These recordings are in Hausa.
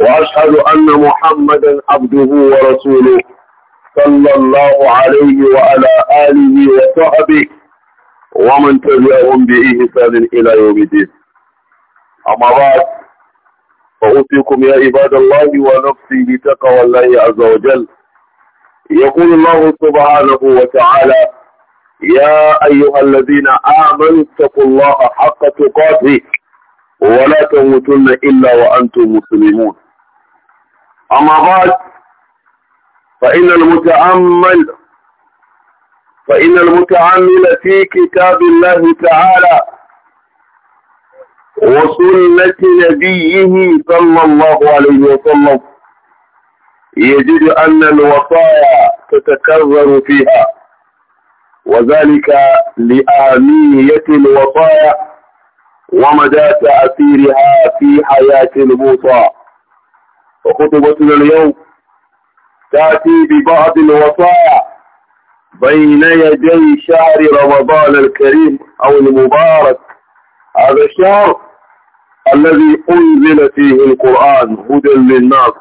وأشهد أن محمدا عبده ورسوله صلى الله عليه وعلى آله وصحبه ومن تبعهم بإحسان إلى يوم الدين أما بعد فأوصيكم يا عباد الله ونفسي بتقوى الله عز وجل يقول الله سبحانه وتعالى يا أيها الذين آمنوا اتقوا الله حق تقاته ولا تموتن إلا وأنتم مسلمون أما بعد فإن المتأمل فإن المتعمل في كتاب الله تعالى وسنة نبيه صلى الله عليه وسلم يجد أن الوصايا تتكرر فيها وذلك لآمية الوصايا ومدى تأثيرها في حياة الموصى وخطبتنا اليوم تأتي ببعض الوصايا بين يدي شهر رمضان الكريم أو المبارك هذا الشهر الذي أنزل فيه القرآن هدى للناس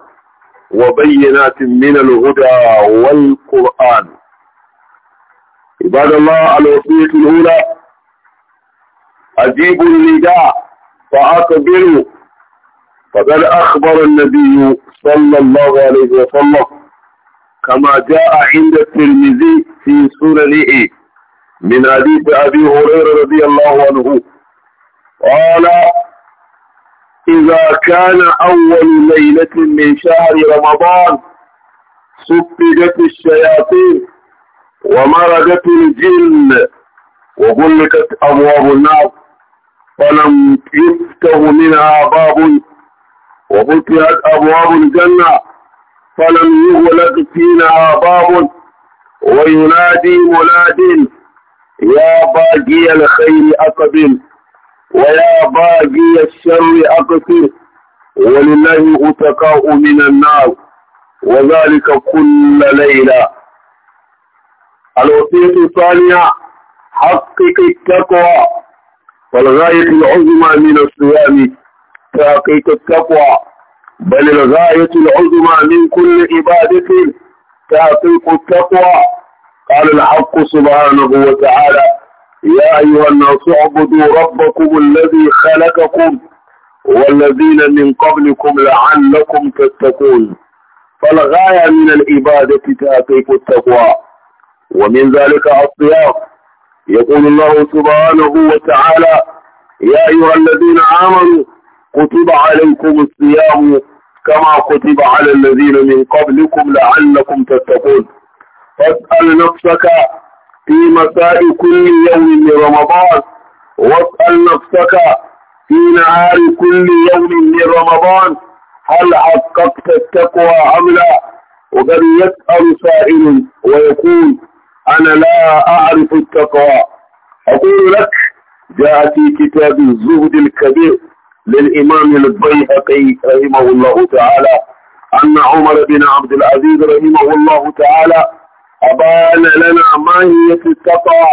وبينات من الهدى والقرآن عباد الله الوصية الأولى أجيبوا النداء فأكبروا فقد أخبر النبي صلى الله عليه وسلم كما جاء عند الترمذي في سننه من حديث أبي هريرة رضي الله عنه قال إذا كان أول ليلة من شهر رمضان سبجت الشياطين ومردت الجن وغلقت أبواب النار فلم يفتح منها باب وفتحت أبواب الجنة فلم يغلق فينا باب وينادي مناد يا باقي الخير أقبل ويا باقي الشر أقصر ولله أتقاء من النار وذلك كل ليلة الوصية الثانية حقق التقوى والغاية العظمى من الصيام كي التقوى بل الغاية العظمى من كل عبادة تحقيق التقوى قال الحق سبحانه وتعالى يا أيها الناس اعبدوا ربكم الذي خلقكم والذين من قبلكم لعلكم تتقون فالغاية من العبادة تحقيق التقوى ومن ذلك الصيام يقول الله سبحانه وتعالى يا أيها الذين آمنوا كتب عليكم الصيام كما كتب على الذين من قبلكم لعلكم تتقون فاسأل نفسك في مساء كل يوم من رمضان واسأل نفسك في نهار كل يوم من رمضان هل حققت التقوى أم لا وقد يسأل سائل ويقول أنا لا أعرف التقوى أقول لك جاء في كتاب الزهد الكبير للإمام البيهقي رحمه الله تعالى أن عمر بن عبد العزيز رحمه الله تعالى أبان لنا ما هي التقى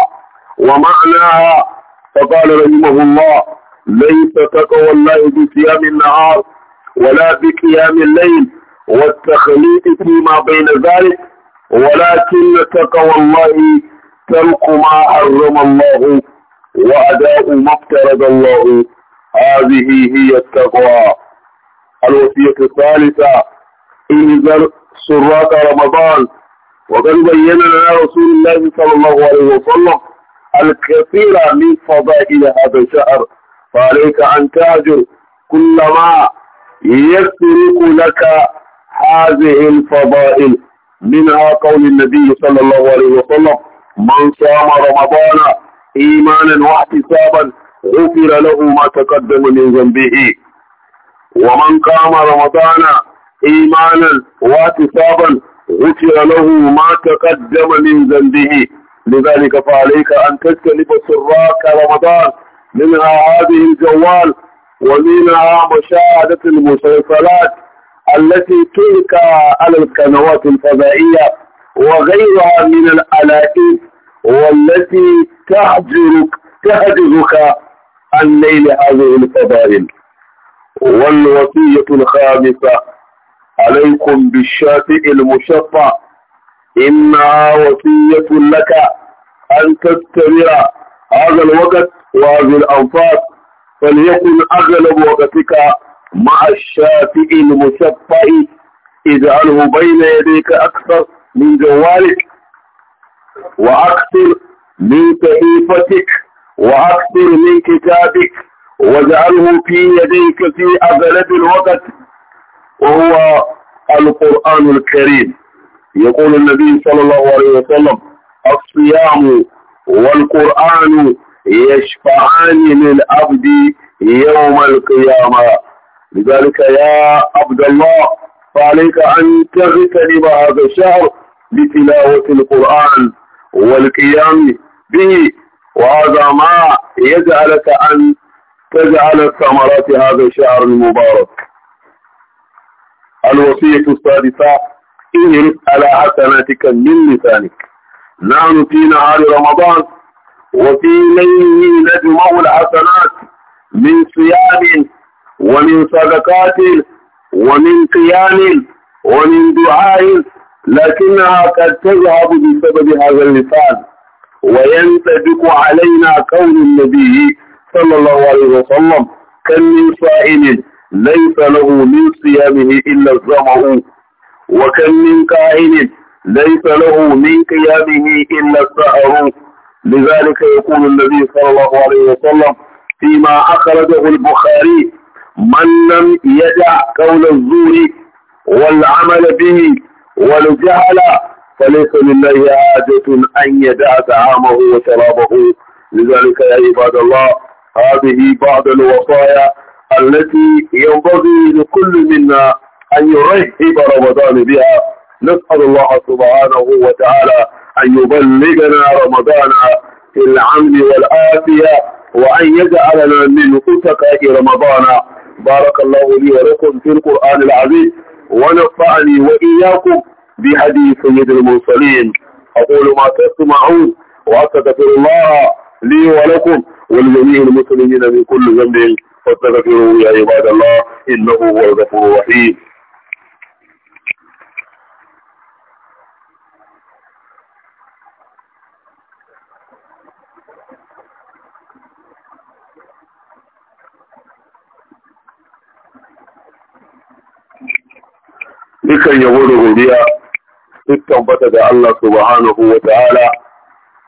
ومعناها فقال رحمه الله ليس تقوى الله بصيام النهار ولا بقيام الليل والتخليط فيما بين ذلك ولكن تقوى الله ترك ما حرم الله وأداء ما افترض الله هذه هي التقوى الوصية الثالثة انذر سرات رمضان وقد بين لنا رسول الله صلى الله عليه وسلم الكثير من فضائل هذا الشهر فعليك أن تاجر كلما يترك لك هذه الفضائل منها قول النبي صلى الله عليه وسلم من صام رمضان إيمانا واحتسابا غفر له ما تقدم من ذنبه ومن قام رمضان إيمانا واتصابا غفر له ما تقدم من ذنبه لذلك فعليك أن تجتنب سراك رمضان منها هذه الجوال ومنها مشاهدة المسلسلات التي تلقى على القنوات الفضائية وغيرها من الألائم والتي تحجرك تهجرك عن نيل هذه الفضائل والوصية الخامسة عليكم بالشافئ المشفع إنها وصية لك أن تستمر هذا الوقت وهذه الأنفاس فليكن أغلب وقتك مع الشافئ المشفع اجعله بين يديك أكثر من جوالك وأكثر من تحيفتك وأكثر من كتابك واجعله في يديك في أغلب الوقت وهو القرآن الكريم يقول النبي صلى الله عليه وسلم الصيام والقرآن يشفعان للعبد يوم القيامة لذلك يا عبد الله فعليك أن تغتنم هذا الشهر بتلاوة القرآن والقيام به وهذا ما يجعلك أن تجعل ثمرات هذا الشهر المبارك الوصية السادسة اهرس على حسناتك من لسانك نحن في نهار رمضان وفي ليله نجمع الحسنات من صيام ومن صدقات ومن قيام ومن دعاء لكنها قد تذهب بسبب هذا اللسان وينطبق علينا قول النبي صلى الله عليه وسلم كم من صائم ليس له من صيامه إلا الظمأ وكم من كائن ليس له من قيامه إلا السهر لذلك يقول النبي صلى الله عليه وسلم فيما أخرجه البخاري من لم يدع قول الزور والعمل به والجهل فليس لله حاجة أن يدع طعامه وشرابه لذلك يا عباد الله هذه بعض الوصايا التي ينبغي لكل منا أن يرهب رمضان بها نسأل الله سبحانه وتعالى أن يبلغنا رمضان في العمل والآفية وأن يجعلنا من أتقاء رمضان بارك الله لي ولكم في القرآن العزيز ونفعني وإياكم بهدي سيد المرسلين أقول ما تسمعون وأستغفر الله لي ولكم ولجميع المسلمين من كل ذنب فاستغفروه يا عباد الله إنه هو الغفور الرحيم dukan yabo da godiya duk tabbata da Allah subhanahu wa ta'ala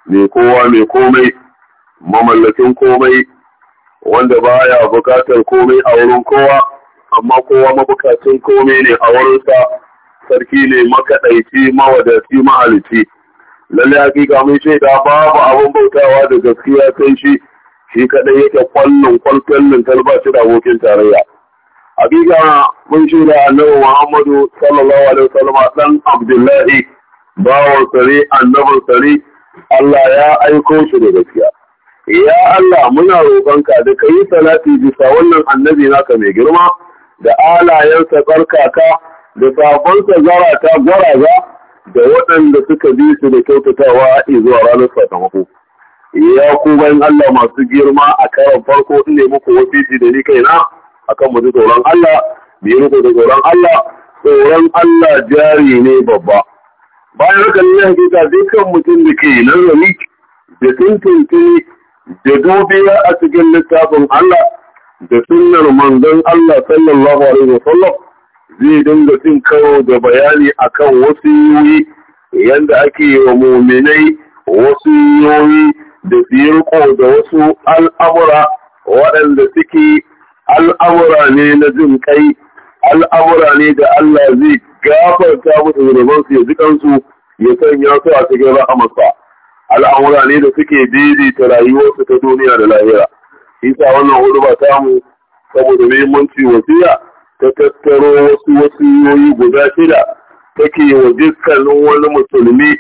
mai kowa mai komai mamallakin komai wanda ba ya bukatar komai a wurin kowa amma kowa mabukacin komai ne a wurinsa sarki ne makaɗaici mawadaci mahalici lalle hakika mun da babu abin bautawa da gaskiya sai shi shi kaɗai yake kwallon kwalkwallon talba da abokin tarayya hakika mun shaida annabi Muhammadu sallallahu alaihi wasallam dan Abdullahi bawon sare annabin sare Allah ya aiko shi da gaskiya ya Allah muna roƙonka da kai salati bisa wannan annabi naka mai girma da alayensa tsarkaka da sabonsa zarata gwaraza da waɗanda suka bi su da kyautatawa zuwa ranar sakamako ya ku bayan Allah masu girma a karon farko ne muku wasiti da ni kaina akan mutu tsoron Allah mu yi da tsoron Allah tsoron Allah jari ne babba bayan haka ne ta dukkan mutum da ke nazari da tuntuntuni da dubiya a cikin littafin Allah da sunnar manzon Allah sallallahu alaihi wasallam zai dinga cin karo da bayani akan wasu yoyi yanda ake yi wa muminai wasu yoyi da su da wasu al'amura waɗanda suke al'amura ne na jin kai al'amura ne da Allah zai gafarta musu zunubansu ya jikansu ya sanya su a cikin rahamarsa al'amura ne da suke ta rayuwarsu ta duniya da lahira isa wannan hudu ba samu saboda muhimmanci wasiya ta tattaro wasu wasiyoyi guda shida take wa dukkanin wani musulmi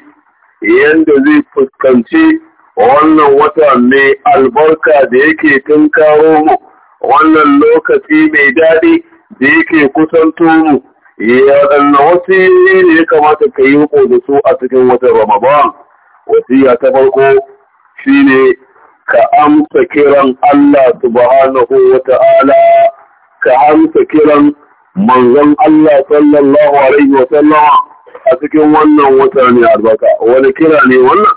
yanda zai fuskanci wannan wata mai albarka da yake tun kawo mu wannan lokaci mai daɗi da yake kusanto ya ɗanna wasu ne ya kamata ka yi riko da su a cikin watan Ramadan. Wasiya ta farko shine ka amsa kiran Allah subhanahu wa ta'ala, ka amsa kiran manzon Allah sallallahu alaihi wa sallama a cikin wannan wata ne albarka. Wani kira ne wannan?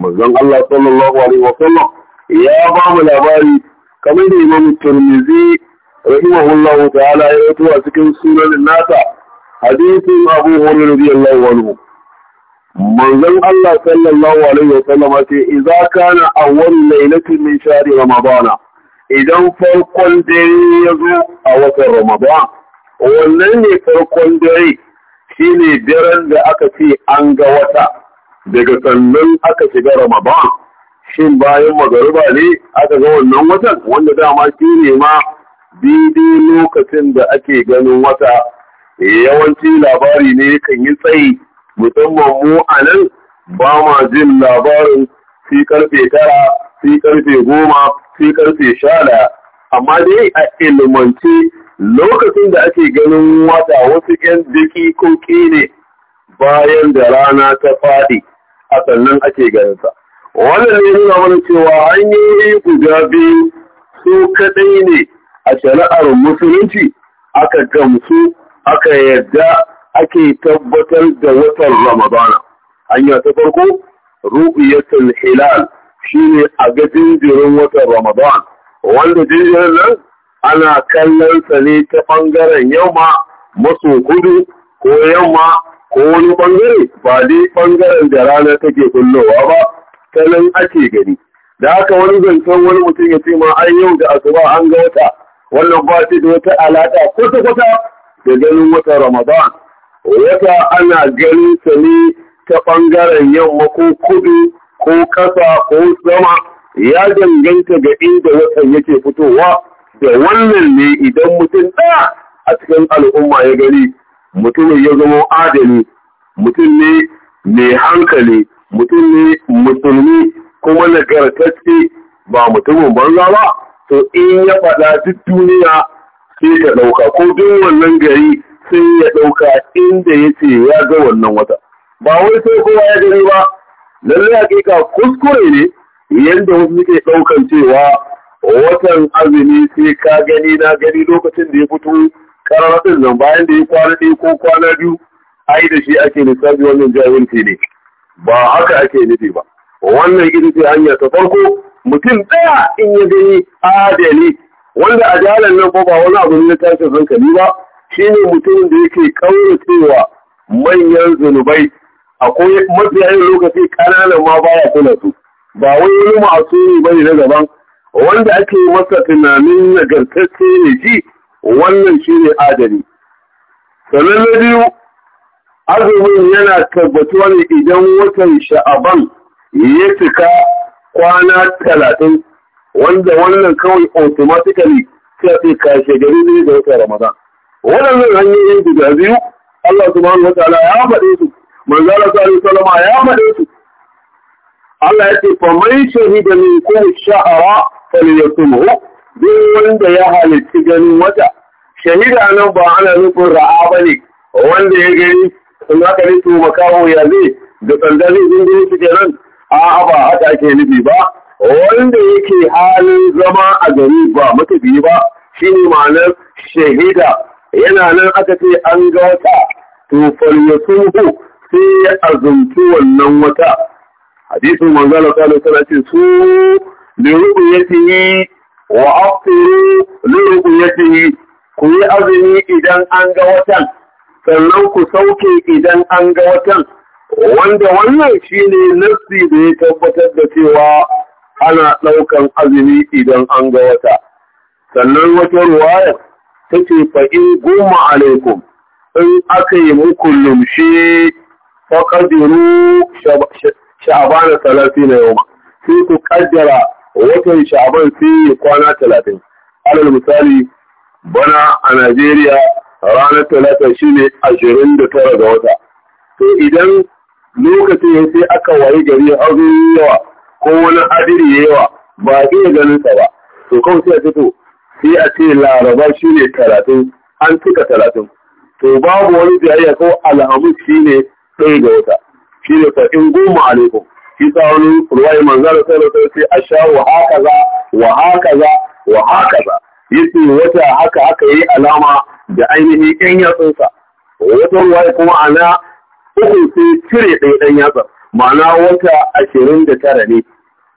Manzon Allah sallallahu alaihi wa sallam ya ba mu labari kamar da imamu turmizi rahimahullah ta'ala ya rato a cikin sunan nasa hadisin abu hurairah radiyallahu anhu manzon Allah sallallahu alaihi wa sallama ce idza kana awwal lailatin min shahri ramadana idan farkon dare ya zo a watan ramadan wannan ne farkon dare shine daren da aka ce an ga wata daga sannan aka shiga ramadan shin bayan magariba ne aka ga wannan watan wanda dama shi ne ma daidai lokacin da ake ganin wata eh, yawanci labari ne kan yi tsayi musamman mu a nan ba ma jin labarin fi karfe tara fi karfe goma fi karfe sha daya amma dai a ilmance lokacin da ake ganin wata wasu 'yan dakikoki ne bayan da rana ta faɗi a sannan ake ganinsa. wannan ne nuna mana cewa hanyoyi guda biyu su kaɗai ne a shari'ar musulunci aka gamsu aka yadda ake tabbatar da watan ramadana hanya ta farko ru'yatul hilal shine a ga jinjirin watan ramadan wanda jinjirin nan ana kallon sa ne ta bangaren yamma maso kudu ko yamma ko wani ɓangare. ba dai ɓangaren da rana take kullowa ba kalan ake gani da haka wani zancen wani mutum ya ce ma an yau da asuba an ga wata wannan ba shi da wata alaƙa kwata-kwata da ganin wata ramadan wata ana ganin sa ne ta ɓangaren yamma ko kudu ko ƙasa ko sama ya danganta ga inda watan yake fitowa da wannan ne idan mutum ɗaya a cikin al'umma ya gani mutumin ya zama adali mutum ne mai hankali mutum ne musulmi kuma nagartacce ba mutumin banza ba to in ya faɗa duk duniya sai ya ɗauka ko duk wannan gari sai ya ɗauka inda ya ce ya ga wannan wata ba wai sai kowa ya gani ba lallai hakika kuskure ne yadda wasu suke ɗaukan cewa watan azumi sai ka gani na gani lokacin da ya fito kararraɗin nan bayan da ya kwana ɗaya ko kwana biyu ai da shi ake lissafi wannan jahilci ne ba haka ake nufi ba wannan ita ce hanya ta farko mutum ɗaya in ya gani adali wanda a jalan nan ko ba wani abu ne tashin hankali ba shine mutumin da yake kauracewa manyan zunubai akwai mafiya yin lokaci ƙananan ma baya kula su ba wai wani ne bane na gaban wanda ake masa tunanin nagartacce ne shi wannan shine adali sannan na biyu azumin yana tabbatuwa ne idan watan sha'aban ya cika kwana talatin wanda wannan kawai automatically ta fi kashe gari ne da wata ramadan waɗannan hanyoyin guda biyu Allah subhanahu wataala ya faɗe su manzo Allah sallallahu alaihi ya faɗe su Allah ya ce fa mai shahida min kulli sha'ara falyasumhu duk wanda ya halicci ganin wata shahida nan ba ana nufin ra'a bane wanda ya gani in haka ne to makawo ya zai da sanda zai jin su kenan a'a ba haka ake nufi ba wanda yake halin zama a gari ba matafiyi ba shi ne ma'anar shahida yana nan aka ce an ga wata to falyasuhu sai ya azumci wannan wata hadisin manzala Allah sallallahu alaihi wasallam ce su fi yi wa afiru fi yi. ku yi azumi idan an ga watan sannan ku sauke idan an ga watan wanda wannan shine nassi da ya tabbatar da cewa ana ɗaukan azumi idan an ga wata sannan wata ruwaya ta ce fa'in goma alaikum in aka yi muku lumshe faƙadiru sha'abana talatin na yau sai ku ƙaddara watan sha'aban sai kwana talatin alal misali bana a Najeriya ranar talata shi ne ashirin da tara ga wata to idan lokacin ya sai aka wayi gari azumi yawa ko wani adiri yawa ba a iya ganin sa ba to kawai sai a fito sai a ce laraba shi ne talatin an cika talatin to babu wani jayayya ko alhamis shi ne ɗaya ga wata shi ne fa'in goma alaikum shi sa wani ruwayi manzara sai da sai a sha wa haka za wa haka za haka za yace wata haka haka yi alama da ainihin ɗan yatsunsa wata ruwa kuma ana uku sai cire ɗaya ɗan yatsa ma'ana wata ashirin da tara ne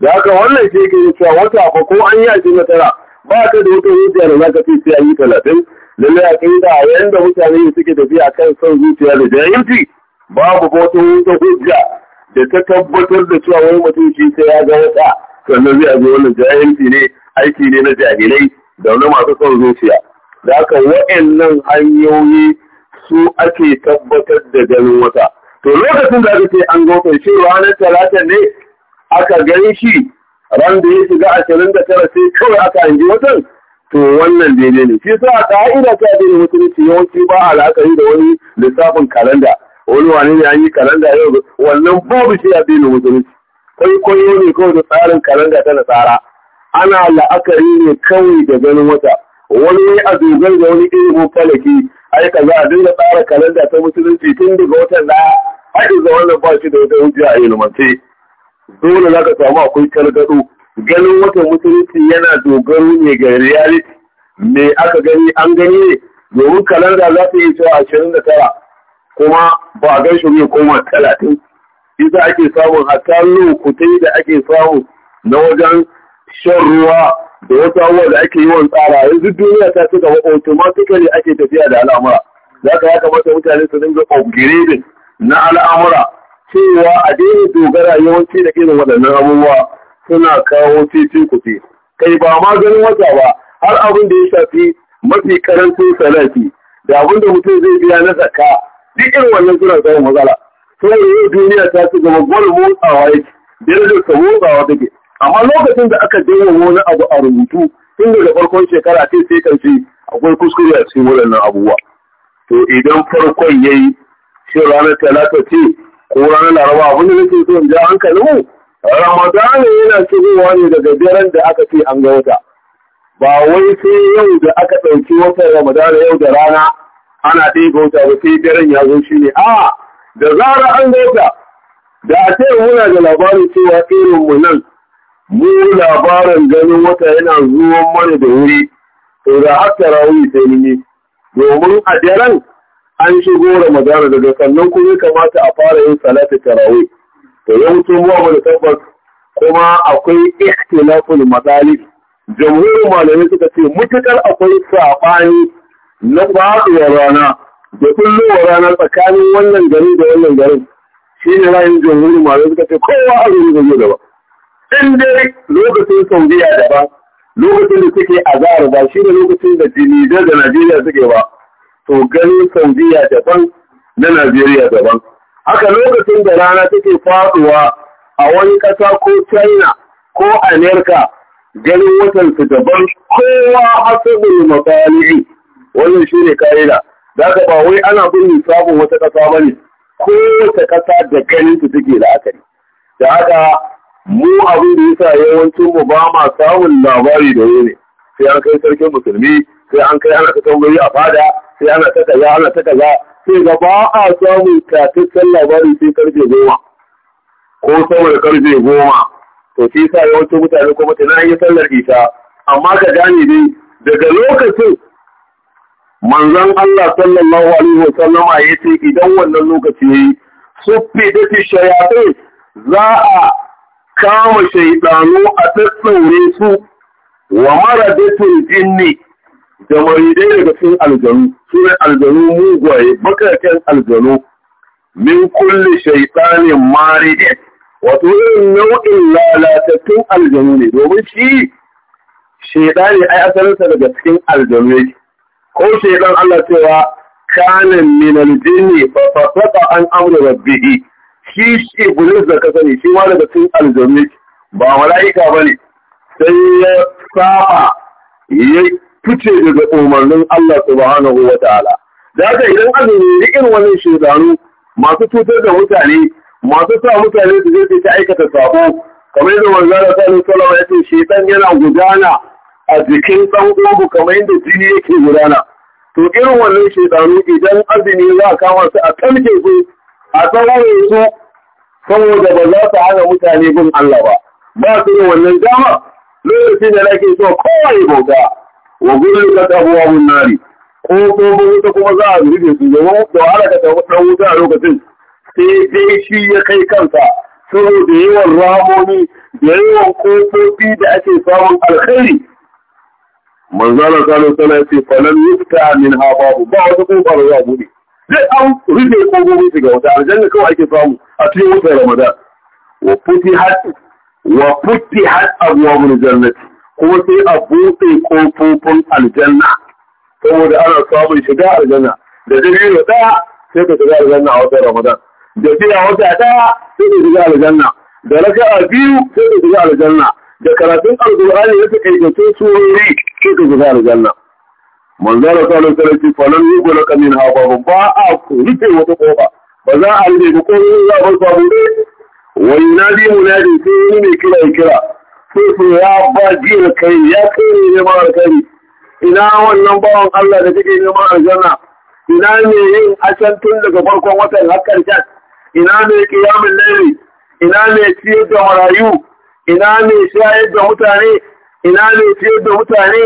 da haka wannan shi ke cewa wata ba ko an yi ashirin da tara ba ta da wata zuciya da za ka fi sai a yi talatin lalle a kai da yanda mutane suke tafiya kan son zuciya da jahilci babu wata wata hujja da ta tabbatar da cewa wani mutum shi sai ya ga wata sannan zai a wannan jahilci ne aiki ne na jahilai da wani masu son zuciya da haka wa'annan hanyoyi su ake tabbatar da ganin wata to lokacin da aka ce an ga shi ranar talata ne aka gani shi ran da ya shiga ashirin da tara sai kawai aka hangi watan to wannan daidai ne shi sa ka'ida ta daidai mutunci yawanci ba al'akari da wani lissafin kalanda wani wani ne an yi kalanda yau wannan babu shi a daidai mutunci kwaikwayo ne kawai da tsarin kalanda ta nasara ana la'akari ne kawai da ganin wata wani a dogon da wani ilimin falaki ai kaza a dinga tsara kalanda ta musulunci tun daga watan da haɗin da wannan ba shi da wata hujja a ilimance dole za ka samu akwai targaɗo ganin watan musulunci yana dogaro ne ga reality me aka gani an gani ne domin kalanda za ta yi cewa ashirin da tara kuma ba a gaishe mai ne koma talatin isa ake samun hatta lokutai da ake samu na wajen shan ruwa da wasu abubuwa da ake yi wa tsara yanzu duniya ta ci gaba automatically ake tafiya da al'amura za ka ya kamata mutane su dinga upgrading na al'amura cewa a daina dogara yawanci da irin waɗannan abubuwa suna kawo titi kuɗi. kai ba ma ganin wata ba har abin da ya shafi mafi karancin salati da abin da mutum zai biya na zakka duk irin wannan suna kawo matsala sai yau duniya ta ci gaba gwal motsawa yake darajar ta motsawa take amma lokacin da aka daina wani abu a rubutu tun daga farkon shekara sai sai ce akwai kuskure a cikin waɗannan abubuwa to idan farkon yayi shi ranar talata ce ko ranar laraba abin da nake so in ja hankali mu ramadana yana shigowa ne daga daren da aka ce an ga wata ba wai sai yau da aka ɗauki wata ramadana yau da rana ana ɗiga wata ba sai daren ya zo shi ne a da zara an ga wata da a ce muna da labarin cewa irin mu nan mu labarin ganin wata yana zuwan mana da wuri to da haka rawi sai ni domin a daren an shigo ramadana daga sannan kuma kamata a fara yin salatu tarawih to yawancin mu da tabbas kuma akwai ikhtilaful matsali. jamhurin malamai suka ce mutukar akwai sabani na faɗuwar rana da kullowar rana tsakanin wannan gari da wannan garin shi ne rayin jamhurin malamai suka ce kowa a zai da gaba in dai lokacin biya daban lokacin da suke azhar ba shi ne lokacin da jini da najeriya suke ba to ganin biya daban na najeriya daban haka lokacin da rana take faduwa a wani ƙasa ko china ko Amerika, ganin watansu su daban kowa hasabul mafali'i wannan shi ne ka'ida za ka ba wai ana bin sabon wata ƙasa ba ne kowace ƙasa da ganin su take la'akari da haka mu abin da yasa yawancin mu ba ma samun labari da wuri sai an kai sarkin musulmi sai an kai ana ta a fada sai ana ta kaza ana ta kaza sai ga ba a samun tataccen labari sai karfe goma ko sama da karfe goma to shi yasa yawancin mutane kuma tana yi sallar isa. amma ka gane dai daga lokacin manzon Allah sallallahu alaihi wa sallama yace idan wannan lokaci yayi suffi da shayatin za a kama shaidanu a tattaure su wa maradatul jinni da maridai daga cikin aljanu su ne aljanu mugwaye bakakken aljanu min kulle shaidanin maridai wato yin nau'in lalatattun aljanu ne domin shi shaidani ai asalinsa daga cikin aljanu yake ko shaidan Allah cewa kanan minar jini, ba an amru rabbihi shi shi gudun da ka sani shi ma daga cikin aljanni ba mala'ika ba ne sai ya saba ya fice daga umarnin Allah subhanahu wa ta'ala da haka idan azumi yi irin wannan shekaru masu cutar da mutane masu sa mutane su je su ta aikata sabo kamar yadda da sani salama ya ce shedan yana gudana a jikin ɗan kamar yadda jini yake gudana to irin wannan shekaru idan azumi za a kama su a kamke su a tsawon su saboda ba za su hana mutane bin Allah ba ba su da wannan dama lokacin da nake so kowai bauta wa gudu ka tabuwa mun nari kofofin wuta kuma za a da su da wahala ka tabu ɗan wuta a lokacin sai dai shi ya kai kansa saboda yawan ramoni da yawan kofofi da ake samun alkhairi Manzala salo sana ya ce falon yufta min ha babu ba wata kofar da za a buɗe Zai an rufe kofofin shiga wata aljanna kawai ake samu a cikin watan Ramadan wa futihat wa futihat abwabul jannati kuma sai a buɗe kofofin aljanna saboda ana samun shiga aljanna da dare da ɗaya sai ka shiga aljanna a wata Ramadan da biya wata ɗaya sai ka shiga aljanna da raka'a biyu sai ka shiga aljanna da karatun alƙur'ani ya suka yi surori sai ka shiga aljanna manzara sallallahu alaihi wasallam falan yugo laka min hawa ba a rufe wata kofa ba za a rufe ba ko za a bar samu wani nadi munadi sai yi mai kira ya kira sai su ya ba jiya kai ya kai ne neman alkhairi ina wannan bawan Allah da take neman aljanna ina ne yin tun daga farkon watan har karshen ina ne kiyamin laili ina ne ciyar da marayu ina ne shayar da mutane ina ne ciyar da mutane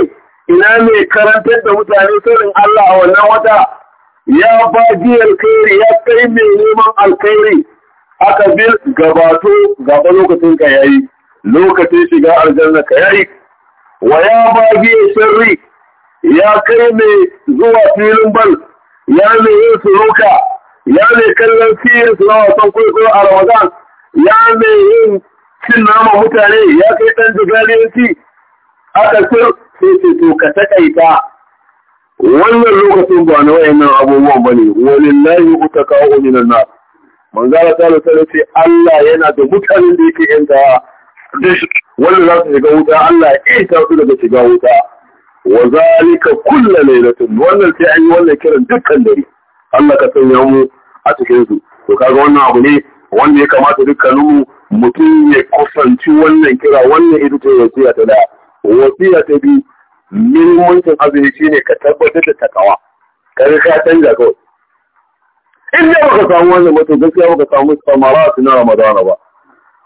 ina ne karantar da mutane sirrin Allah a wannan wata ya ba ji alkhairi ya kai mai neman alkhairi aka bi gabato gaba lokacin ka yayi lokacin shiga aljanna ka yayi wa ya ba ji sharri ya kai mai zuwa filin bal ya ne yin suruka ya ne kallon fiye su na wasan kwaikwayo a ramadan ya ne yin cin nama mutane ya kai ɗan jigaliyanci aka sir sai ce to ka taƙaita wannan lokacin ba na wayannan abubuwan ba ne walillahi uta kawo nan na manzara ta lura ce Allah yana da mutanen da yake yanta wanda za su shiga wuta Allah ya ita su daga shiga wuta wa zalika kullu lailatin wannan sai an yi wannan kiran dukkan dare Allah ka sanya mu a cikinsu. su to kaga wannan abu ne wanda ya kamata dukkanin mutum ya kusanci wannan kira wannan ita ce wasiya ta da wasiya ta biyu muhimmancin azumi shine ka tabbatar da takawa kare ka canza kawai in da baka samu wannan mutum gaskiya baka samu samara na ramadana ba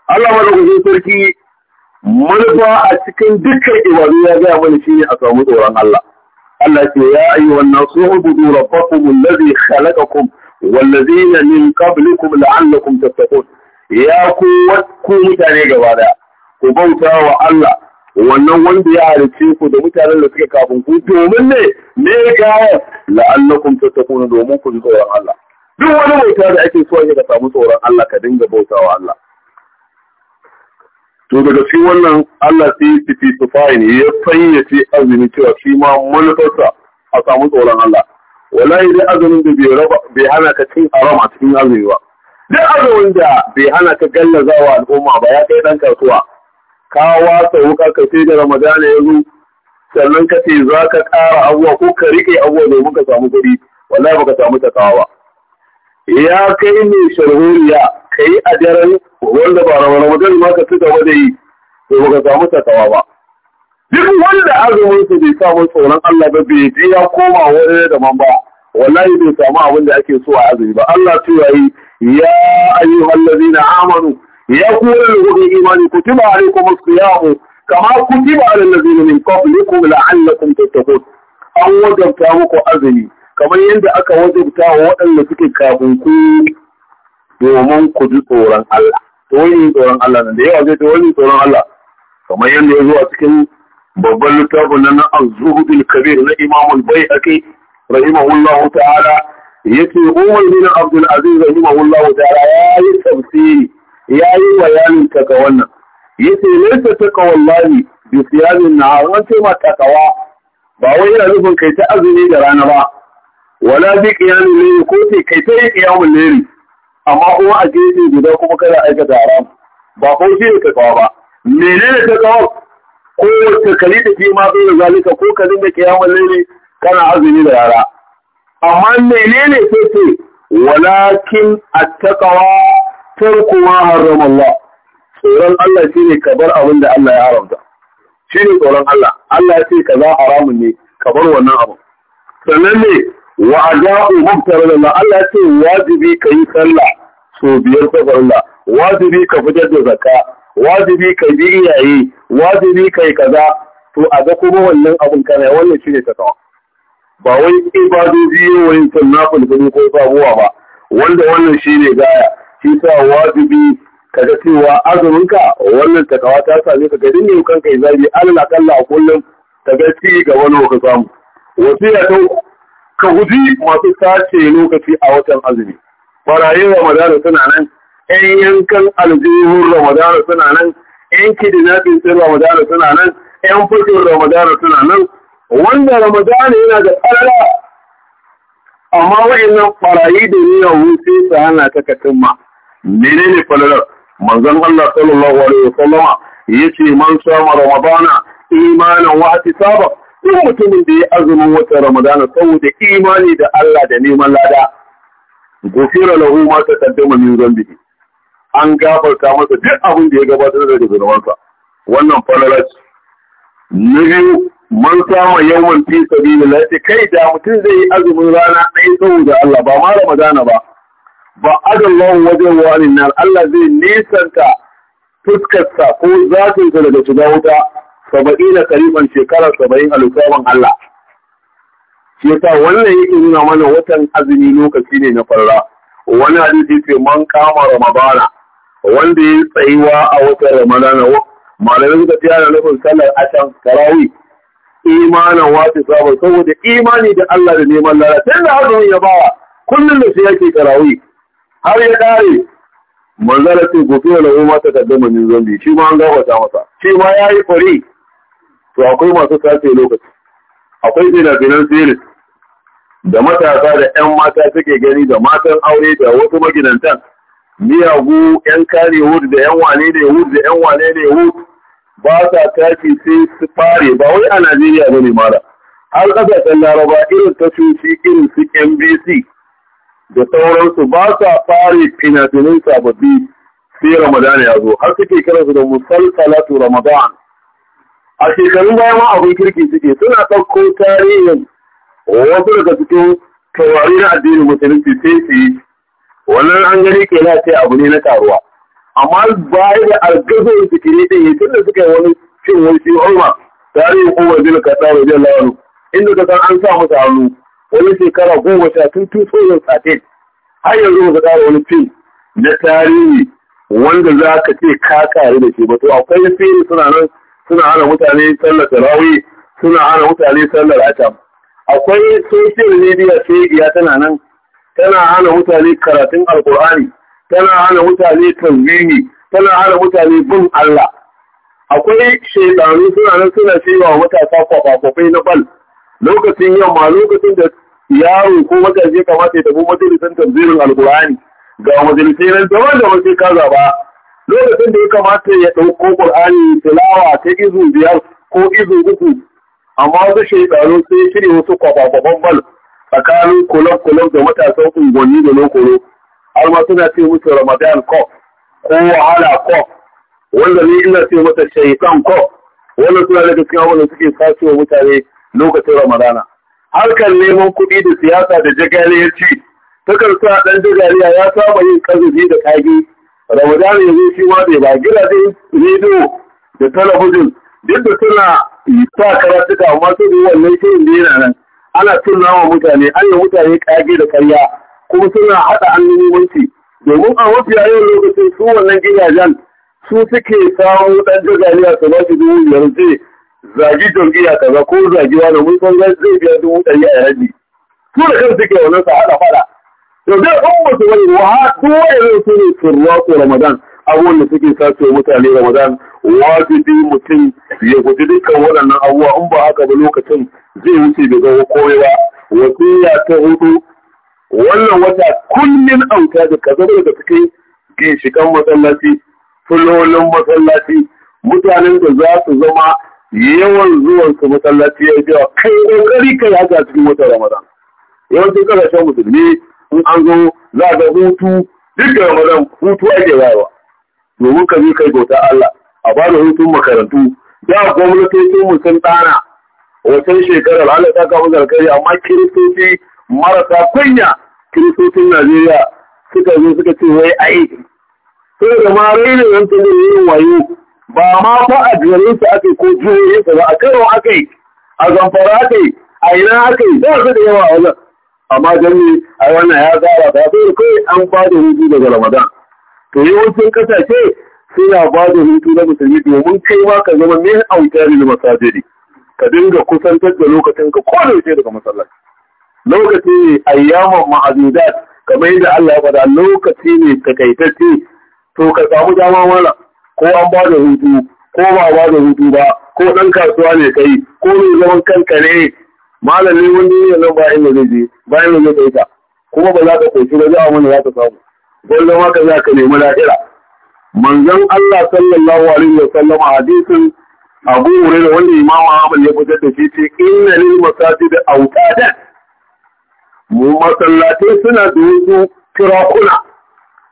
Allah madaukakin sarki manufa a cikin dukkan ibadu ya gaya mana shine a samu tsoron Allah Allah ce ya ku nasu ubudu rabbakum allazi khalaqakum wallazina min qablikum la'allakum tattaqun ya ku ku mutane gaba daya ku bauta wa Allah wannan wanda ya halice ku da mutanen da suka kafin ku domin ne ne ga la'allakum tattaquna domin ku ji tsoron Allah duk wani bauta da ake so ka samu tsoron Allah ka dinga bautawa Allah to daga cikin wannan Allah sai ya su ya ya fayyace azumi cewa shi ma manufarsa a samu tsoron Allah Wala idan azumin da bai hana ka cin arama cikin azumi ba duk azumin da bai hana ka gallazawa al'umma ba ya kai dan kasuwa ka wasa wuka ka sai da ramadana ya zo sannan ka ce za ka ƙara abuwa ko ka rike abuwa domin ka samu kuɗi wallahi baka samu takawa ya kai ne sharhuriya ka yi a daren wanda ba ramadan ma ka ci gaba da yi to baka samu takawa ba duk wanda azumin su bai samu tsoron Allah ba bai je ya koma wani da man ba wallahi bai samu abin da ake so a azumi ba Allah ce yayi ya ayyuhallazina amanu ya ku wani imani kutiba alaikum siyamu kama kutiba alal ladina min qablikum la'allakum tattaqun an wajabta muku azumi kamar yadda aka wajabta wa waɗanda suke kafin ku domin ku ji tsoron Allah to wani tsoron Allah nan da yawa zai ta wani tsoron Allah kamar yadda ya zo a cikin babban littafin na az-zuhudul kabir na Imam al-Baihaqi rahimahullahu ta'ala yace Umar bin Abdul Aziz rahimahullahu ta'ala ya yi tafsiri ya yi wa ta taka wannan ya ce laisa taka wallahi bi siyamin na an ce ma takawa ba wai yana nufin kai ta azumi da rana ba wala bi qiyamin layli ko ce kai ta yi qiyamul layli amma kuma a gefe guda kuma kada da haram ba ko shi ne takawa ba menene takawa ko ta kali da fi ma bai zalika ko ka dinga qiyamul layli kana azumi da yara amma menene sai ce walakin ta kawa? tarku ma harrama Allah tsoron Allah shine ka bar abin da Allah ya haramta shine tsoron Allah Allah ya ce a haramun ne ka bar wannan abu sannan ne wa aja'u mubtara Allah Allah ya ce wajibi ka yi sallah so biyar ta Allah wajibi ka fitar da zakka wajibi ka bi iyaye wajibi ka yi kaza to a ga kuma wannan abin kana wannan shine ta kawo ba wai ibadoji yawan yin sunna fulfulu ko sabuwa ba wanda wannan shine gaya isa wajibi ka ga cewa azuminka wannan takawa ta same ka gari ne kan ya zabi Allah kalla a kullum ka ga ci ga wani ka samu wasiya ta ka guji masu sace lokaci a watan azumi barayi ramadana suna nan yan yankan aljihun ramadana suna nan yan kidnapping sun ramadana suna nan yan fushin ramadana suna nan wanda ramadana yana da tsara amma wa'annan barayi da niyan wuce su hana ta katimma menene falalar manzon Allah sallallahu alaihi wasallama yace man sama ramadana imanan wa hisaba duk mutumin da ya azumin wata ramadana saboda imani da Allah da neman lada gofira lahu ma kaddama min zambi an gafarta masa duk abin da ya gabatar da zunubansa wannan falalar na biyu man sama yawan fi sabilillah kai da mutum zai yi azumin rana ɗaya saboda Allah ba ma ramadana ba ba adallahu wajen wa'anin nan Allah zai nisanta fuskarsa ko zafinsa daga shiga wuta da kariban shekarar saba'in a lissafin Allah. Shi yasa wannan yake nuna mana watan azumi lokaci ne na farra. Wani hadisi ce man kama Ramadana wanda ya tsayuwa a watan Ramadana malamin suka fi yana nufin sallar ashan karawi? imanin wata sabon saboda imani da Allah da neman lalata. Tun da azumin ya bawa kullum da shi yake karawi. har ya kare manzala ce gobe da umma ta kaddama zambi shi ma an gafarta masa shi ma ya yi fari to akwai masu sace lokaci akwai fina-finan series da matasa da 'yan mata suke gani da matan aure da wasu magidantan miyagu 'yan kare hudu da 'yan wane ne hudu da 'yan wane ne hudu ba sa tashi sai su fare ba wai a Najeriya ba ne mara har ƙasashen Laraba irin tashoshi irin su NBC da sauransu ba sa fare finafinai sababbi sai Ramadan ya zo har suke su da musalsalatu Ramadan a shekarun baya ma abin kirki suke suna ɗauko tarihin wasu daga cikin tawari na addinin musulunci sai su yi wannan an gani ke na ce abu ne na karuwa. amma baya da algazon zikiri ɗin yi tun da suka yi wani cin wani shi horma tarihin umar bin kaɗa da jan inda ka san an sa masa hannu wani shekara goma sha tun tun tsohon satin har yanzu ba tsara wani fim na tarihi wanda za ka ce ka kare da shi ba to akwai fim suna nan suna hana mutane sallar tarawih suna hana mutane sallar asham akwai social media ce iya tana nan tana hana mutane karatun alkur'ani tana hana mutane tanzini tana hana mutane bin Allah akwai shekaru suna nan suna cewa matasa kwakwakwai na bal lokacin yamma lokacin da yaro ko matashi kamata ya tafi majalisan tafsirin alkur'ani ga majalisai nan da wanda wasu ka zaba lokacin da ya kamata ya ɗauko qur'ani tilawa ta izu biyar ko izu uku amma wasu shaidano sai ya shirya wasu kwafafaban bal tsakanin kulakulak da matasan unguwanni da lokoro. har ma suna ce musu ramadan ko ko wahala ko wanda ne ina ce mata shaitan ko wanda suna daga cikin abin da suke sacewa mutane lokacin ramadana harkar neman kuɗi da siyasa da jagaliyarci takan sa ɗan jagariya ya saba yin ƙazafi da kage ramadana ya zo shi ma bai ba gidaje rediyo da talabijin duk da suna sa karatuka amma su da wannan shirin da yana nan ana tunna wa mutane an yi mutane kage da karya kuma suna haɗa annubanci domin a mafiya yawan lokacin su wannan gidajen su suke samu ɗan jagariya su ba shi dubu biyar zai zagi jam'iyya kaza ko zagi wani mun san zai biya dubu ɗari a yaji su da kan suke wannan sa haɗa faɗa to zai ɗan wasu wani wa duk wa'annan su ne turwa ko ramadan abubuwan da suke sace mutane ramadan wajibi mutum ya guji dukkan waɗannan abubuwa in ba haka ba lokacin zai wuce da zama komai ba wasiya ta hudu wannan wata kullum auta da kaza da suke ginshikan masallaci fulolin masallaci mutanen da za su zama yawan zuwan su masallaci ya yawa kai kokari kai haka cikin wata Ramadan yawancin kasashen musulmi in an zo za ga hutu duk Ramadan hutu ake bayarwa domin ka zo kai bauta Allah a ba da hutun makarantu da gwamnatocin mu sun tsara wasan shekarar Allah ta kawo zarkari amma kiristoci marasa kunya kiristocin Najeriya suka zo suka ce wai ai sai da ma raina yanzu yin wayo ba ma ko a jere su aka ko jere su ba a karo aka yi a zamfara ake a ina ake yi ba su da yawa a wajen amma Jami a wannan ya tsara ta sai kai an ba da hutu daga ramadan to yawancin kasashe suna ba da hutu na musulmi domin kai ma ka zama mai autari da masajiri ka dinga kusantar da lokacin ka ko da daga masallaci lokaci ne ayyaman ma'azudat kamar yadda Allah ya faɗa lokaci ne takaitacce to ka samu dama mala ko an ba da hutu ko ba ba da hutu ba ko dan kasuwa ne kai ko ne zaman kanka ne malam ne wani ne nan ba da zai je ba inda zai ta. kuma ba za ka koyi ba za mana za ka samu don zama ka za ka nemi lahira manzon Allah sallallahu alaihi wa sallam hadisin Abu Hurairah wanda Imam Ahmad ya fitar da shi ce inna lil masajid awtadan mu masallatai suna da wasu kirakuna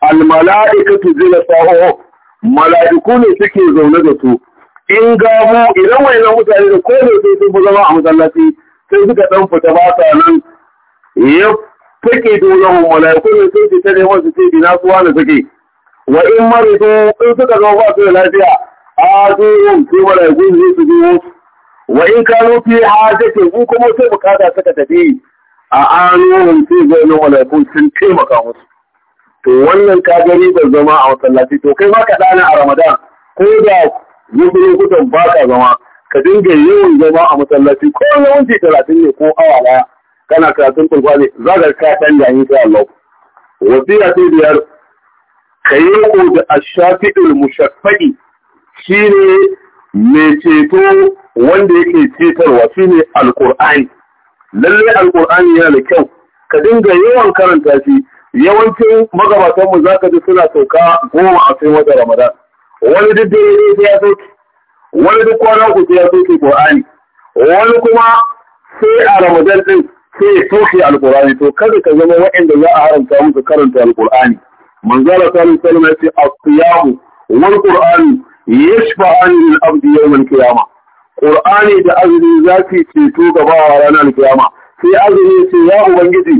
al mala'ikatu zila sahu mala'iku ne suke zaune da su in gamo idan wayannan mutane da ko ne sai sun fi zama a masallaci sai suka dan fita ba sa nan ya fake dole mala'iku ne sun fita tare wasu sai ina suwa suke wa in maridu in suka zama ba su da lafiya a duhun sai mala'iku ne su biyo wa in kano fi hajjatin in kuma sai bukata suka tafi a anuhun sai zai na mala'iku sun taimaka musu to wannan ka gari da zama a masallaci to kai ma ka dana a ramadan ko da yanzu lokutan ba ka zama ka dinga yawan zama a masallaci ko yawanci talatin ne ko awa daya kana karatun kurkwani za ka ka dan da Allah wasiya ce biyar kayi ko da ashafi'ul mushaffai shine mai ceto wanda yake cetarwa shine alqur'ani lalle alqur'ani yana da kyau ka dinga yawan karanta shi yawancin magabatanmu za ka ji suna sauka goma a cikin wata ramadan wani duk dare sai ya sauke wani duk kwana uku sai ya sauke qur'ani wani kuma sai a ramadan din sai ya sauke qurani to kada ka zama waɗanda za a haramta musu karanta alqur'ani manzara sallallahu alaihi wasallam ya ce as-siyamu wal qur'anu yashfa'ani lil abdi yawm al qur'ani da azumi za su ceto gaba ranar kiyama sai azumi ce ya ubangiji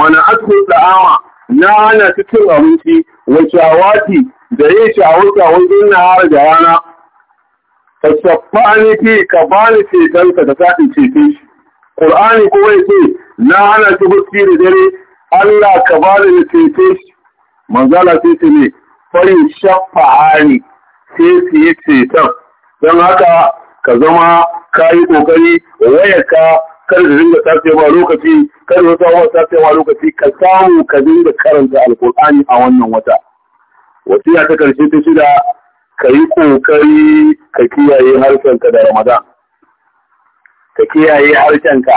mana asmi da'ama na hana cikin cin abinci wa shawati da yin shawar-shawar na har da rana ka shafa ne fi ka ba ni cetonsa da zaɓin ceton shi ƙur'ani kuma ya ce na hana ta da dare Allah ka ba ni ceton shi manzala sai ce ne farin shafa ni sai su yi ceton don haka ka zama ka yi ƙoƙari wayarka kar su dinga sacewa lokaci kar su sace sacewa lokaci ka samu ka dinga karanta alkur'ani a wannan wata wasiya ta karshe ta shida ka yi kokari ka kiyaye harshenka da ramadan ka kiyaye harshenka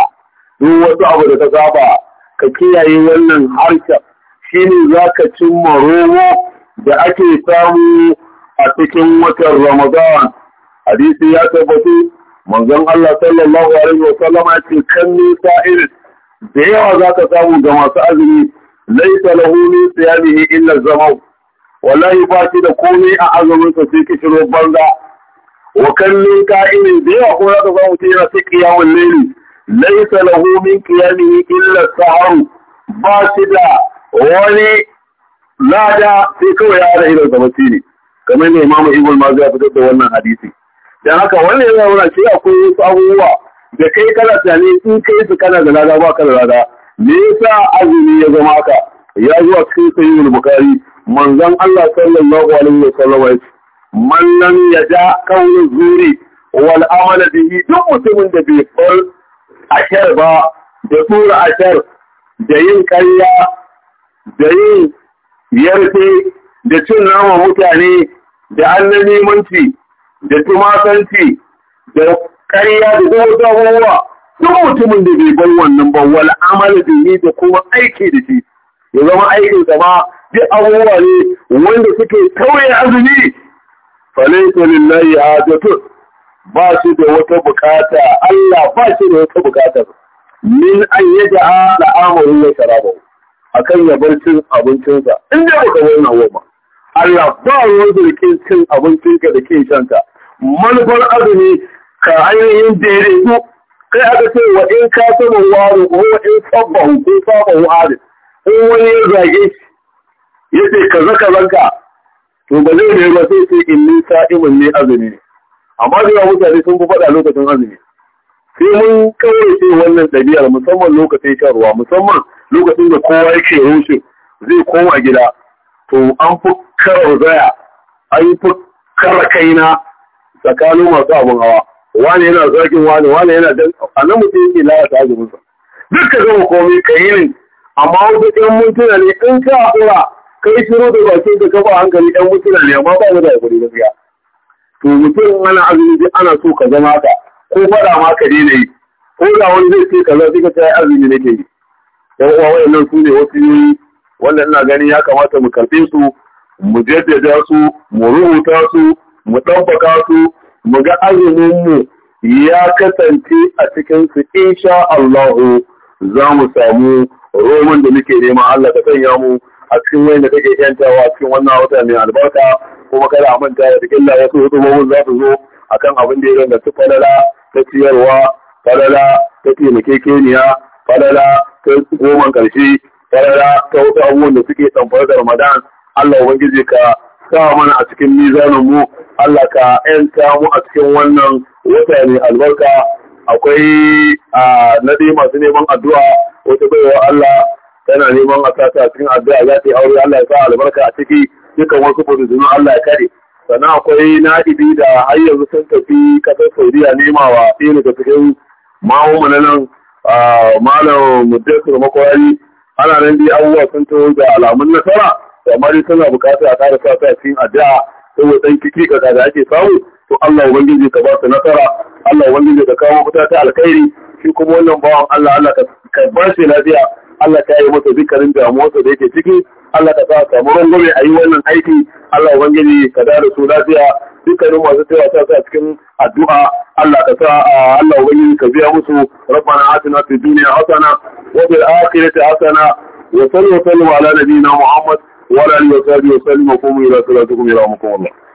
duk wasu abu da ka saba ka kiyaye wannan harshen shine za ka cimma romo da ake samu a cikin watan ramadan hadisi ya tabbatu manzon Allah sallallahu alaihi wa sallama ce kan ni sa'ir da yawa za ka samu ga masu azumi laisa lahu min siyamihi illa zamau wallahi ba shi da komai a azumin sa sai kishiro banza wa kan ni ka'ini da yawa ko za ka samu ce yana sai qiyamul layli laisa lahu min qiyamihi illa sahar ba shi da wani lada sai kawai ya da irin gabati ne kamar ne imamu ibn mazi ya fitar da wannan hadisi da haka wannan yana nuna cewa akwai wasu abubuwa da kai kana tunani in kai su kana da lada ba ka da lada me yasa azumi ya zama haka ya zuwa cikin sahihul bukhari manzon Allah sallallahu alaihi wa sallam ya ce man lam yada kaunu zuri wal da bihi duk mutumin da bai bar ashar ba da tura ashar da yin karya da yin yarfe da cin nama mutane da annabi ci. da tumatanci da ƙarya da duk wata duk mutumin da bai bar wannan ba wal amal bihi da kuma aiki da shi ya zama aikin sa ma duk abubuwa ne wanda suke tauye azumi falaysa lillahi hajatun ba shi da wata bukata Allah ba shi da wata bukata min an yaja ala amru wa sharabahu akan ya bar cin abincinsa in da baka wannan ba Allah ba ruwan da ke cin ka da ke shanta. manufar azumi ka ainihin daidaito kai aka ce wa in ka saba waru ko wa in ko saba waro in wani ya zage shi ya ce zaka zanka to ba zai ne ba sai ce in nisa imin ne azumi ne amma da mutane sun fi faɗa lokacin azumi sai mun kawai ce wannan ɗabi'ar musamman lokacin shan ruwa musamman lokacin da kowa yake rushe zai koma gida to an fi karar zaya an fi kara kaina tsakanin masu abin hawa wani yana zagin wani wani yana dan a nan mutum yake lalata azuminsa duk ka gama komai ka yi ne amma wasu ɗan mutuna ne in ka haɗura kai shiro da bakin da kafa hankali ɗan mutuna ne amma ba mu da hakuri gaskiya to mutum mana azumi ana so ka zama ka ko faɗa ma ka daina yi ko da wani zai ce kaza sai ka ce azumi nake yi yan uwa wayannan su ne wasu yoyi wanda ina gani ya kamata mu karɓe su mu jaddada su mu rubuta su mu ɗaukaka su mu ga azumin mu, ya kasance a cikin su insha Allahu za mu samu roman da muke nema Allah ta sanya mu a cikin wani da take yantawa a cikin wannan wata mai albarka kuma kada a manta da cikin wasu, so mu za su zo akan abin da ya danganci falala ta ciyarwa falala ta taimakekeniya falala ta goman karshe tarara ta wasu abubuwan da suke tamfar da Ramadan Allah ubangiji ka sa mana a cikin mizanin mu Allah ka yanta mu a cikin wannan wata ne albarka akwai a nadi masu neman addu'a wata baiwa Allah tana neman a sata cikin addu'a za ta yi aure Allah ya sa albarka a ciki dukkan wasu fasizunan Allah ya kare sannan akwai na'ibi da har yanzu sun tafi kasar saudiya wa ɗaya daga cikin ma'amma na nan malam da makwari ana nan dai abubuwa sun taho da alamun nasara to amma dai tana bukata a ƙara sa ta cikin addu'a saboda dan kiki kaza da ake samu to Allah ubangiji ka ba su nasara Allah ubangiji ka kawo fita ta alkhairi shi kuma wannan bawan Allah Allah ka ba shi lafiya Allah ka yi masa zikarin damuwarsa da yake ciki Allah ka sa samu rangwame a yi wannan aiki Allah ubangiji ka da su lafiya dukkanin masu cewa ta sa cikin addu'a Allah ka sa Allah ubangiji ka biya musu rabbana atina fid dunya hasana wa fil akhirati hasana wa sallu wa sallu ala nabiyyina muhammad wa ala alihi wa sahbihi wa sallim wa qumu ila salatikum yarhamukum Allah